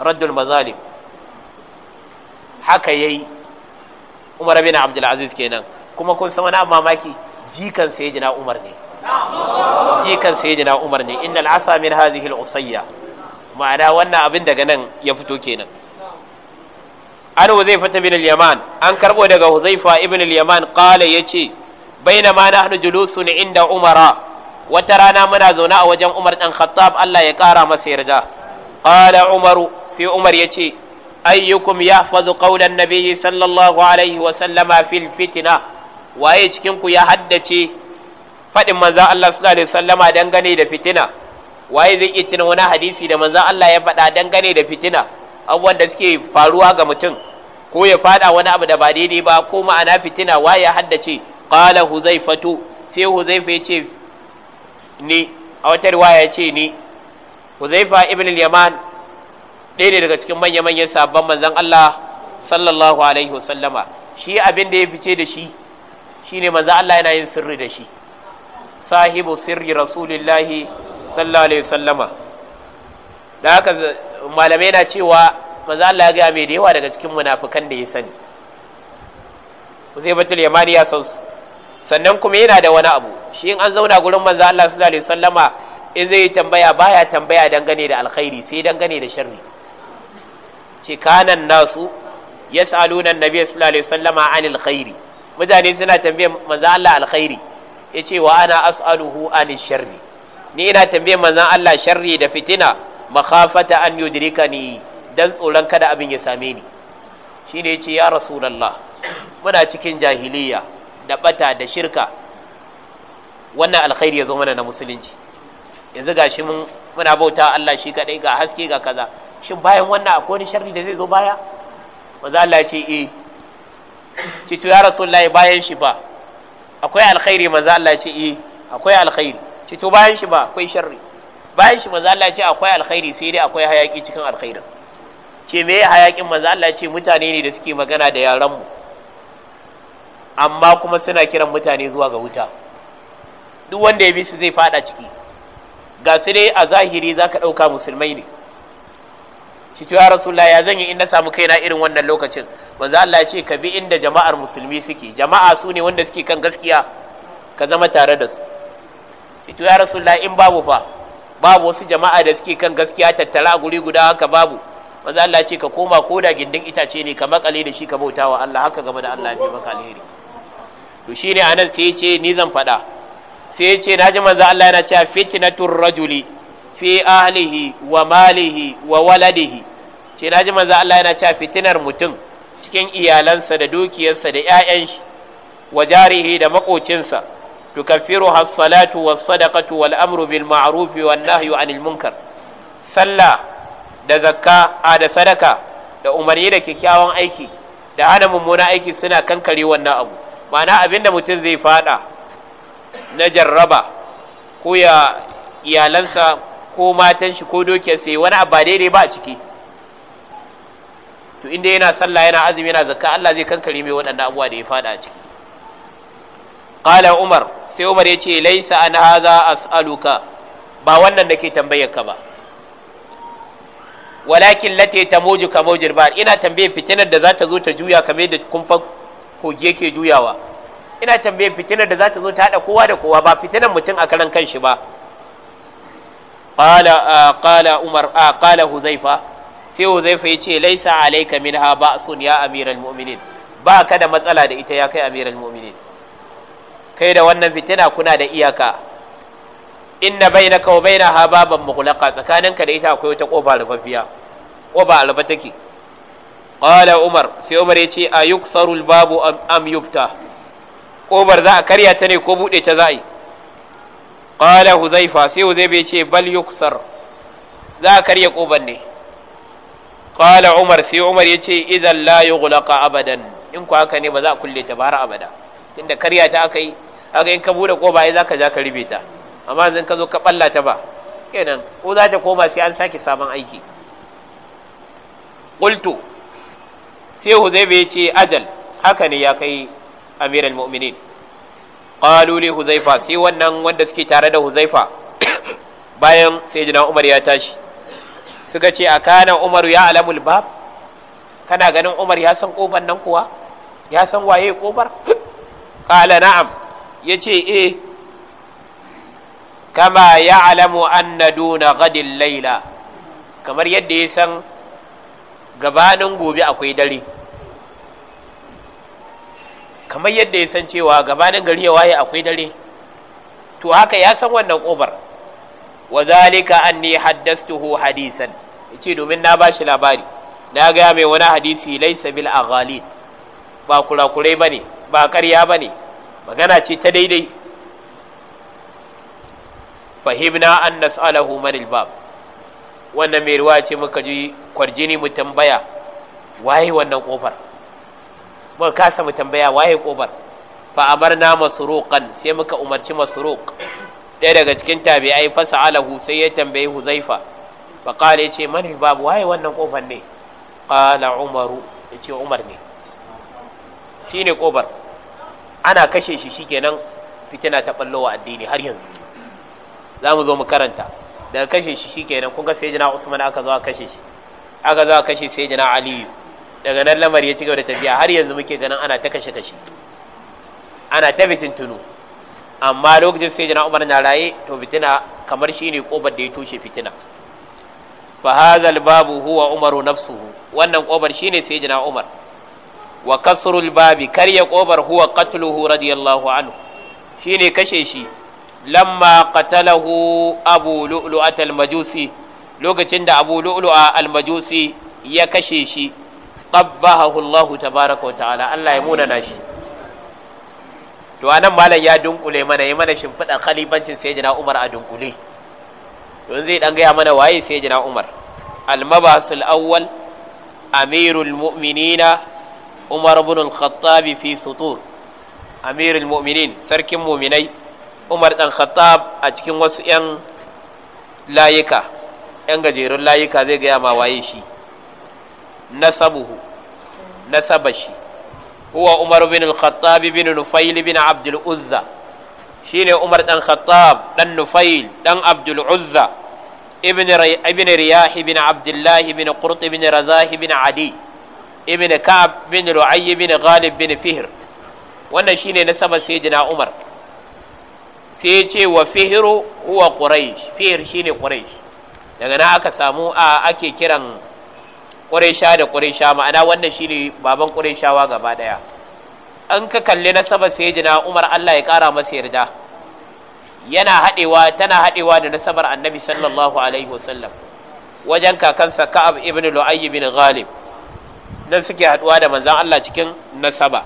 raddul mazalim haka yayi Umar bin Abdul Aziz kenan kuma kun san wani mamaki jikan sayyidina Umar ne jikan sayyidina Umar ne innal asa min hadhihi al ma'ana wannan abin daga nan ya fito kenan an zai ta bin al-yaman an karbo daga huzaifa ibn al-yaman qala yace na nahnu julusun inda umara wata rana muna zaune a wajen umar dan khattab Allah ya kara masa yarda qala umaru sai umar yace ayyukum yahfazu qawlan nabiyyi sallallahu alaihi wa sallama fil fitna waye cikin ku ya haddace faɗin manzan Allah suna da sallama, dangane da fitina waye zai iya tuna wani hadisi da manzan Allah ya faɗa dangane da fitina abubuwan da suke faruwa ga mutum ko ya faɗa wani abu da ba daidai ba ko ma'ana fitina waye haddace qala huzaifatu sai huzaifa yace ni a wata riwaya ya ce ni huzaifa ibn al-yaman ɗaya ne daga cikin manya-manyan sabon manzan Allah sallallahu alaihi wasallama shi abin da ya fice da shi shine manzan Allah yana yin sirri da shi sahibu sirri rasulillahi sallallahu alaihi wasallama da haka malamai na cewa manzo Allah ya ga mai da yawa daga cikin munafikan da ya sani Uzaibatul Yamani ya san su sannan kuma yana da wani abu shi in an zauna gurin manzo Allah sallallahu alaihi wasallama in zai tambaya baya tambaya dangane da alkhairi sai dangane da sharri ce kanan nasu yas'aluna an-nabiy sallallahu alaihi wasallama anil khairi mutane suna tambayar manzo Allah alkhairi ya ce wa ana as'aluhu ani sharri ni ina tambaye manzan Allah sharri da fitina makhafata an yudrika ni dan tsoron kada abin ya same ni shine ya ce ya rasulullah muna cikin jahiliya da bata da shirka wannan alkhairi ya zo mana na musulunci yanzu gashi mun muna bauta Allah shi kadai ga haske ga kaza shin bayan wannan akwai wani sharri da zai zo baya manzo Allah ya ce eh ce to ya rasulullahi bayan shi ba akwai alkhairi manzo Allah ce eh akwai alkhairi ce to bayan shi ba akwai sharri bayan shi manzo Allah ce akwai alkhairi sai dai akwai hayaki cikin alkhairin ce me hayakin manzo Allah ce mutane ne da suke magana da yaran mu amma kuma suna kiran mutane zuwa ga wuta duk wanda ya bi su zai fada ciki ga su dai a zahiri zaka dauka musulmai ne ciki ya rasulullah ya zan yi in na samu kaina irin wannan lokacin manzo Allah ya ce ka bi inda jama'ar musulmi suke jama'a su ne wanda suke kan gaskiya ka zama tare da su ciki ya rasulullah in babu fa babu wasu jama'a da suke kan gaskiya tattara guri guda haka babu manzo Allah ya ce ka koma ko da gindin itace ne ka makale da shi ka bauta wa Allah haka game da Allah ya maka alheri to shine anan sai ya ce ni zan faɗa sai ya ce naji manzo Allah yana cewa fitnatur rajuli fi ahlihi wa malihi wa waladihi ce na ji manzo Allah yana cewa fitinar mutum cikin iyalansa da dukiyarsa da 'ya'yan shi wa jarihi da makocinsa tukaffiru has-salatu was-sadaqatu wal-amru bil-ma'ruf wan-nahyu 'anil munkar sallah da zakka a da sadaka da umarni da kyakkyawan aiki da hana mummuna aiki suna kankare wannan abu ma'ana abinda mutum zai fada na jarraba ko ya iyalansa ko matan shi ko dokiyarsa wani abu daidai ba a ciki to inda yana sallah yana azumi yana zakka Allah zai kankare mai waɗannan abubuwa da ya fada a ciki qala umar sai umar ya ce laisa an hadha as'aluka ba wannan nake tambayar ka ba walakin lati tamuju ka mawjir ba ina tambaye fitinar da za ta zo ta juya kamar da kumfa kogi yake juyawa ina tambaye fitinar da za ta zo ta hada kowa da kowa ba fitinar mutum a karan kanshi ba qala ah, qala umar ah, qala huzaifa sai Huzaifa ya ce laisa alayka minha ba'sun ya amiral mu'minin ba ka da matsala da ita ya kai amiral mu'minin kai da wannan fitina kuna da iyaka inna bainaka wa bainaha baban mughlaqa tsakaninka da ita akwai wata kofa rufaffiya kofa alba take qala umar sai umar ya ce ayuksaru babu am yufta kofar za a karya ta ne ko bude ta za a yi qala huzaifa sai huzaifa ya ce bal yuksar za a karya kofar ne qala umar sai umar ya ce idan la yughlaqa abadan in ku haka ne ba za a kulle ta bara abada tunda karya ta akai haka in ka bude ko za ka ja ka ribe ta amma yanzu ka zo ka balla ta ba kenan ko za ta koma sai an sake sabon aiki qultu sai huzaifa yace ajal haka ne ya kai amiral mu'minin qalu li huzaifa sai wannan wanda suke tare da huzaifa bayan sai sayyidina umar ya tashi suka ce a kanan umaru ya alamul bab kana ganin umar ya san kofar nan kuwa ya san waye kofar kala na'am ya ce e? kama ya alamu anna duna gadin laila kamar yadda ya san gabanin gobe akwai dare kamar yadda ya san cewa gabanin gari ya waye akwai dare to haka ya san wannan ƙofar. wa zalika anni haddastuhu hadisan yace domin na bashi labari na ga mai wani hadisi laisa bil aghalin ba kurakurai bane ba ƙarya bane magana ce ta daidai fahimna an nas'alahu man albab wannan mai ruwa ce muka ji kwarjini mu tambaya waye wannan kofar muka kasa mu tambaya waye kofar fa amarna masruqan sai muka umarci masruq ɗaya daga cikin tabi'ai alahu sai ya tambayi huzaifa fa qala yace man babu wai wannan kofar ne qala umaru yace umar ne shine kofar ana kashe shi shikenan fitina ta ballowa addini har yanzu za mu zo mu karanta daga kashe shi shikenan kun ga sayyidina usman aka zo a kashe shi aka zo a kashe sayyidina aliyu daga nan lamari ya ci gaba da tafiya har yanzu muke ganin ana ta kashe kashe ana ta bitin tunu amma lokacin sai jana umar na raye to fitina kamar shi ne da ya toshe fitina fa hazal babu huwa umaru nafsuhu wannan ƙofar shi ne sai jana umar wa kasrul babi karya kobar huwa qatluhu radiyallahu anhu shi ne kashe shi lamma qatalahu abu lu'lu'at al-majusi lokacin da abu lu'lu'a al-majusi ya kashe shi qabbahahu Allah tabaraka wa ta'ala Allah ya munana shi to anan malam ya dunkule mana ya mana shimfiɗan khalifancin jina Umar a dunkule to zai dan gaya mana waye sai jina Umar almaba mabasul awwal amirul mu'minina Umar ibn al-Khattab fi sutur amirul mu'minin sarkin mu'minai Umar dan Khattab a cikin wasu yan layika yan gajerun layika zai gaya ma waye shi nasabuhu nasabashi Uwa umar bin al-khattab bin nufail bin abdul uzza shine umar dan khattab dan nufail dan abdul uzza ibn ibn bin abdullah bin qurt bin razah bin adi ibn ka'ab bin ru'ay bin ghalib bin fihr wannan shine nasaba sayyidina umar sai ce wa fihru huwa quraish fihr shine quraish daga nan aka samu a ake kiran ƙuraisha da ƙuraisha ma'ana wannan shine baban ƙuraishawa gaba ɗaya an ka kalli nasabar sayyidina umar allah ya ƙara masa yarda yana haɗewa tana haɗewa da nasabar annabi sallallahu alaihi wasallam wajen kakansa ka'ab ibn lu'ayy bin ghalib nan suke haɗuwa da manzan allah cikin nasaba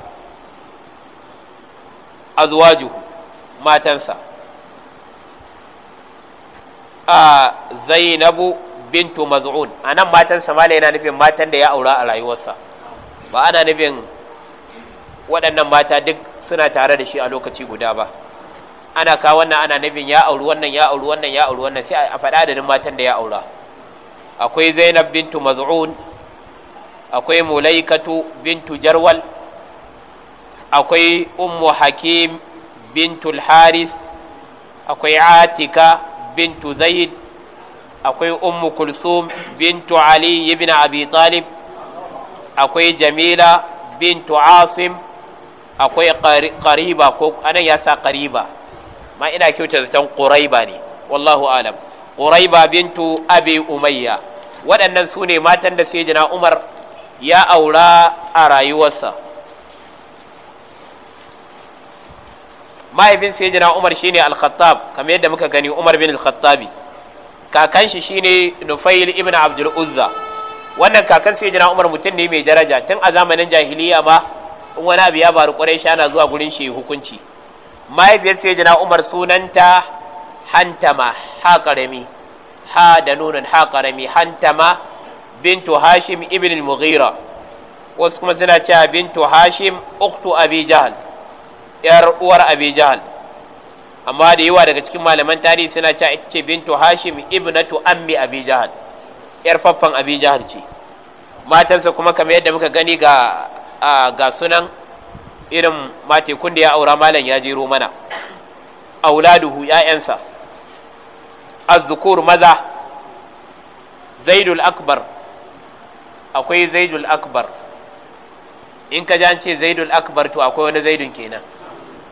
azwaju matansa a zainabu bintu maz'un anan matan samala yana nufin matan da ya aura a rayuwarsa ba ana nufin waɗannan mata duk suna tare da shi a lokaci guda ba ana kawo wannan ana nufin ya auri wannan ya auri wannan ya auri wannan sai a faɗa da matan da ya aura akwai zainab bintu maz'un akwai mulaikatu bintu jarwal akwai ummu hakim bintu haris akwai atika bintu zaid akwai ummu kulsum bintu ali ibn abi talib akwai jamila bintu asim akwai qariba ko anan ya sa qariba ma ina kyauta zan qurayba ne wallahu alam qurayba bintu abi umayya waɗannan su ne matan da sayyidina umar ya aura a rayuwarsa mahaifin sayyidina umar shine al-khattab kamar yadda muka gani umar bin al-khattabi kakan shi shine nufail ibn abdul uzza wannan kakan sai jira umar mutum ne mai daraja tun a zamanin jahiliya ma in wani abu ya faru kwarai ana zuwa gurin shi hukunci mahaifiyar sai jira umar sunanta hantama ha karami ha da nunan ha karami hantama bintu hashim ibn al-mughira wasu kuma suna cewa bintu hashim uktu abi jahal yar uwar abi Jahl amma da yawa daga cikin malaman tarihi suna cewa ita ce bintu hashim ibnatu ammi abi jahal yar faffan abi jahal ce matansa kuma kamar yadda muka gani ga ga sunan irin matekun da ya aura malam ya jero mana auladuhu ya'yansa azzukur maza zaidul akbar akwai zaidul akbar in ka ce zaidul akbar to akwai wani zaidun kenan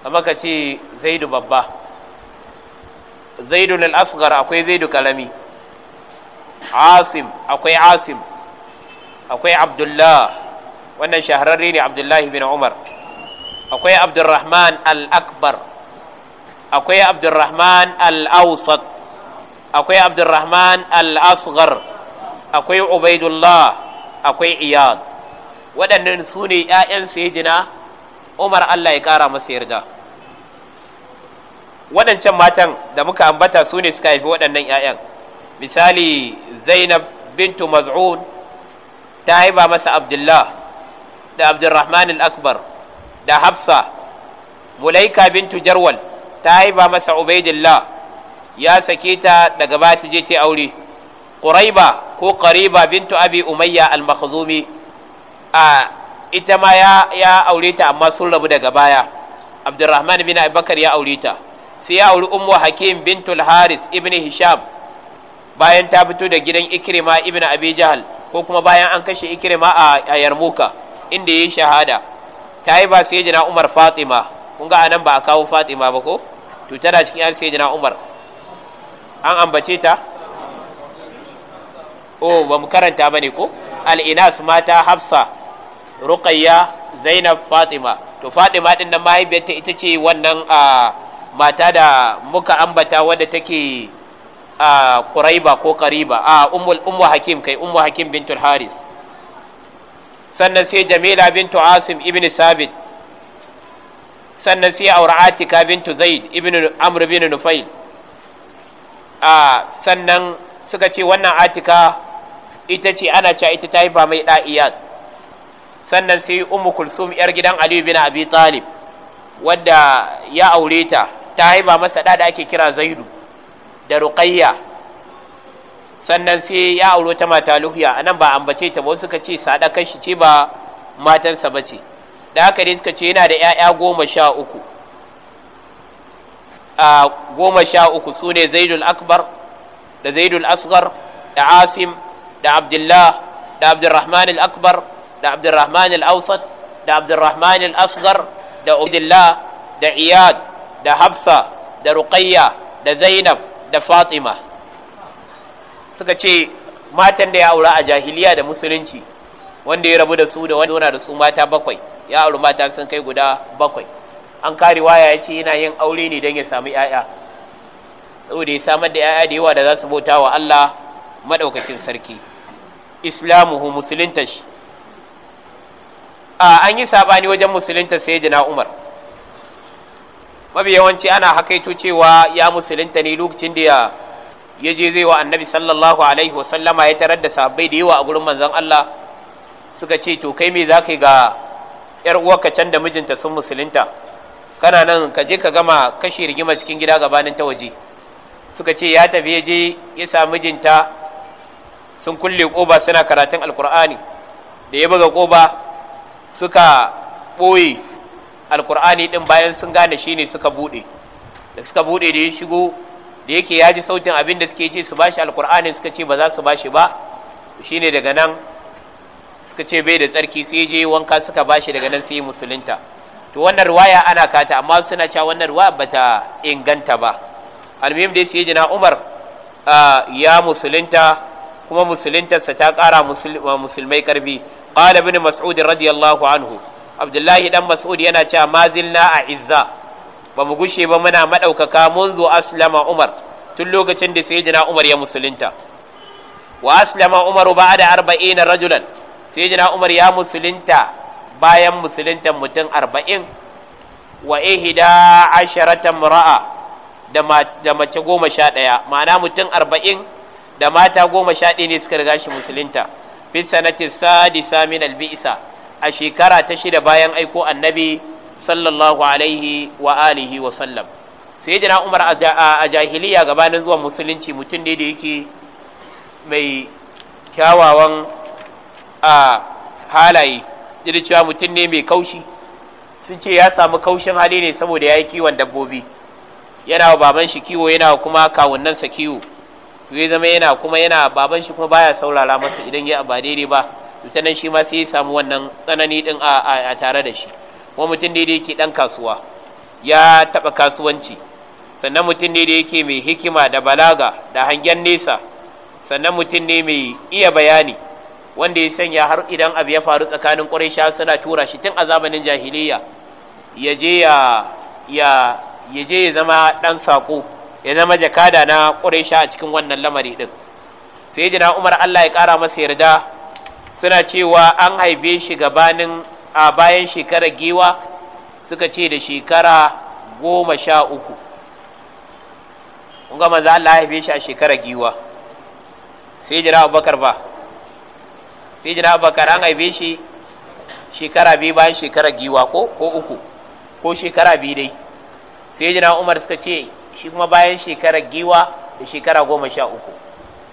amma ka ce zaidu babba zaidu al-asghar akwai zaidu kalami asim akwai asim akwai abdullah wannan shahararre ne abdullahi bin umar akwai abdurrahman al-akbar akwai abdurrahman al-awsat akwai abdurrahman al-asghar akwai ubaidullah akwai iyad waɗannan su ne 'ya'yan sayyidina umar allah ya ƙara masa yarda waɗancan matan da muka ambata su ne suka haifi waɗannan 'ya'yan misali zainab bintu maz'un ta haifa masa abdullah da abdurrahman al-akbar da hafsa mulaika bintu jarwal ta haifa masa ubaidillah ya sake ta daga ba ta je ta aure Ƙuraiba ko ƙariba bintu abi umayya al-makhzumi a ita ma ya aure ta amma sun rabu daga baya abdurrahman bin abubakar ya aure ta sai ya auri ummu hakim bintul haris ibn hisham bayan ta fito da gidan ikrima ibn abi jahal ko kuma bayan an kashe ikrima a yarmuka inda yayi shahada ta yi ba sai jina umar fatima kun ga anan ba a kawo fatima ba ko to tana cikin 'yan sai jina umar an ambace ta oh ba mu karanta bane ko al-inas mata hafsa ruqayya zainab fatima to fatima din nan mahaifiyarta ita ce wannan a mata da muka ambata wadda take a ƙuraiba ko ƙariba a ummu hakim kai ummu hakim bintul haris sannan sai jamila bintu asim ibn sabit sannan sai auratika bintu zaid ibn amr bin nufail a sannan suka ce wannan atika ita ce ana cewa ita ta haifa mai da'iyat sannan sai ummu kulsum yar gidan aliyu bin abi talib wadda ya aure ta ta haifa masa da da ake kira zaidu da ruqayya sannan sai ya auro ta mata luhiya anan ba ambace ta ba suka ce sadakar shi ce ba matansa ba ce da haka dai suka ce yana da 'ya'ya goma sha uku a goma sha uku su ne zaidul akbar da zaidul asgar da asim da abdullah da abdurrahman al-akbar da abdurrahman al-awsat da abdurrahman al-asgar da abdullah da iyad da hafsa da ruqayya da zainab da fatima suka ce matan da ya aura a jahiliya da musulunci wanda ya rabu da su da wanda da su mata bakwai ya auri mata sun kai guda bakwai an kare waya ya ce yana yin aure ne don ya samu 'ya'ya saboda ya samar da 'ya'ya da yawa da za su bauta wa allah maɗaukakin sarki islamuhu musulunta shi an yi saɓani wajen musulunta sai umar mafi yawanci ana hakaito cewa ya musulunta ne lokacin da ya ya je zai wa annabi sallallahu alaihi wasallama ya tarar da sahabbai da yawa a gurin manzon Allah suka ce to kai me za ka yi ga yar uwarka can da mijinta sun musulunta kana nan ka je ka gama kashe rigima cikin gida gabanin ta waje suka ce ya tafi ya je ya sa mijinta sun kulle koba suna karatun alkur'ani da ya buga koba suka ɓoye alkur'ani din bayan sun gane shi ne suka buɗe da suka buɗe da ya shigo da yake ya ji sautin abin da suke ce su bashi alkur'ani suka ce ba za su bashi ba ne daga nan suka ce bai da tsarki sai je wanka suka bashi daga nan sai musulunta to wannan ruwaya ana kata amma suna cewa wannan riwaya bata inganta ba almuhim dai sai jina umar ya musulunta kuma sa ta kara musulmai karbi qala ibn mas'ud radiyallahu anhu abdullahi dan mas'ud yana cewa mazilna a izza ba mu gushe ba muna madaukaka munzu aslama umar tun lokacin da sayyidina umar ya musulunta wa aslama umaru ba'da arba'ina rajulan sayyidina umar ya musulunta bayan musuluntan mutum arba'in wa ihda asharata mura'a da mace goma sha ɗaya ma'ana mutum arba'in da mata goma sha ɗaya ne suka riga shi musulunta fi sanatin sadisa min albisa a shekara ta shida bayan aiko annabi sallallahu alaihi wa alihi wa sallam sai umar a jahiliya gabanin zuwa musulunci mutum ne da yake mai kyawawan a halaye Jirgin cewa mutum ne mai kaushi sun ce ya samu kaushin hali ne saboda ya yi kiwon dabbobi yana wa baban shi kiwo yana wa kuma kawunansa kiwo ya zama yana kuma yana baban shi kuma baya saurara masa idan ya ba daidai ba to nan shi ma sai ya samu wannan tsanani din a tare da shi kuma mutum ne da yake dan kasuwa ya taba kasuwanci sannan mutum ne da yake mai hikima da balaga da hangen nesa sannan mutum ne mai iya bayani wanda ya sanya har idan abu ya faru tsakanin ƙwarai suna tura shi tun a zamanin jahiliya ya je ya zama ɗan sako. ya zama jakada na ƙwarai a cikin wannan lamari ɗin sai jina umar allah ya ƙara masa yarda suna cewa an haife shi gabanin a bayan shekara giwa suka ce da shekara goma sha uku ga za Allah haife shi a shekara giwa sai jira abubakar ba sai jira abubakar an haife shi shekara biyu bayan shekara giwa ko ko uku ko shekara biyu dai sai jira umar suka ce shi kuma bayan shekara giwa da shekara goma sha uku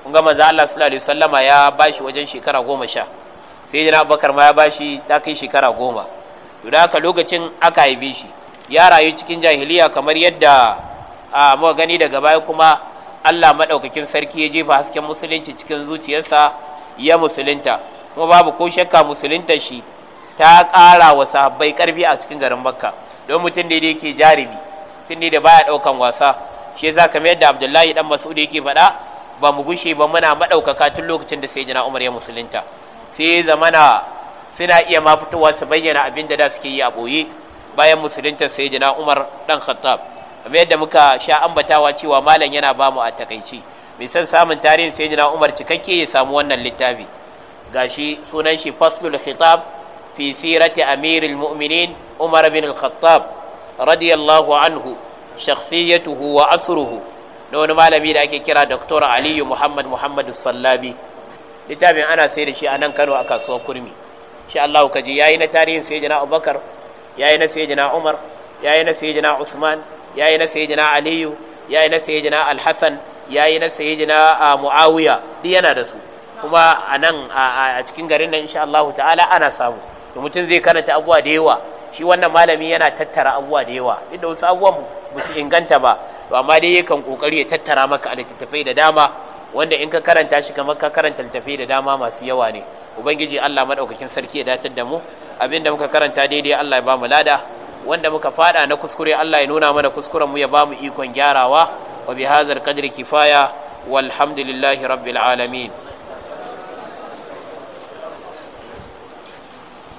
kun ga manzo Allah sallallahu alaihi wasallama ya bashi wajen shekara goma sha sai jina Abubakar ma ya bashi ta kai shekara goma to da haka lokacin aka haife shi ya rayu cikin jahiliya kamar yadda a muka gani daga baya kuma Allah madaukakin sarki ya jefa hasken musulunci cikin zuciyarsa ya musulunta kuma babu ko shakka musulunta shi ta ƙara wa sahabbai ƙarfi a cikin garin Makka don mutum ne da yake jarumi mutum ne da baya ɗaukan wasa shi yasa kamar yadda Abdullahi dan Mas'ud yake faɗa ba mu gushe ba muna maɗaukaka tun lokacin da sai jina umar ya musulunta sai zamana suna iya ma fitowa su bayyana abin da da suke yi a ɓoye bayan musulunta sai jina umar ɗan khattab kamar yadda muka sha ambatawa cewa malam yana ba mu a takaici mai son samun tarihin sai jina umar cikakke ya samu wannan littafi gashi sunan shi faslul khitab fi sirati amirul mu'minin umar bin al-khattab radiyallahu anhu shakhsiyatuhu wa asruhu na wani malami da ake kira Dr. Aliyu Muhammad Muhammad Sallabi littafin ana sai da shi a nan Kano a kasuwar Kurmi Shi Allah ka ji yayi na tarihin sayyidina Abubakar yayi na sayyidina Umar yayi na sayyidina Usman yayi na sayyidina Aliyu yayi na sayyidina Al-Hasan yayi na sayyidina Muawiya duk yana da su kuma a nan a cikin garin nan insha Allah ta'ala ana samu mutum zai karanta abubuwa da yawa shi wannan malami yana tattara abubuwa da yawa inda wasu abubuwan ba su inganta ba to amma dai yakan kokari ya tattara maka a littattafai da dama wanda in ka karanta shi kamar ka karanta littattafai da dama masu yawa ne ubangiji Allah madaukakin sarki ya datar da mu abinda muka karanta daidai Allah ya bamu lada wanda muka fada na kuskure Allah ya nuna mana kuskuren mu ya ba mu ikon gyarawa wa bihazar qadri kifaya walhamdulillahi rabbil alamin